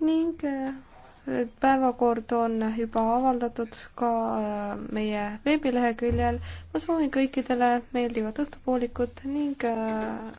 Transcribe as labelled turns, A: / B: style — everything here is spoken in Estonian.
A: ning äh, päevakord on juba avaldatud ka äh, meie veebileheküljel. ma soovin kõikidele meeldivat õhtupoolikut ning äh,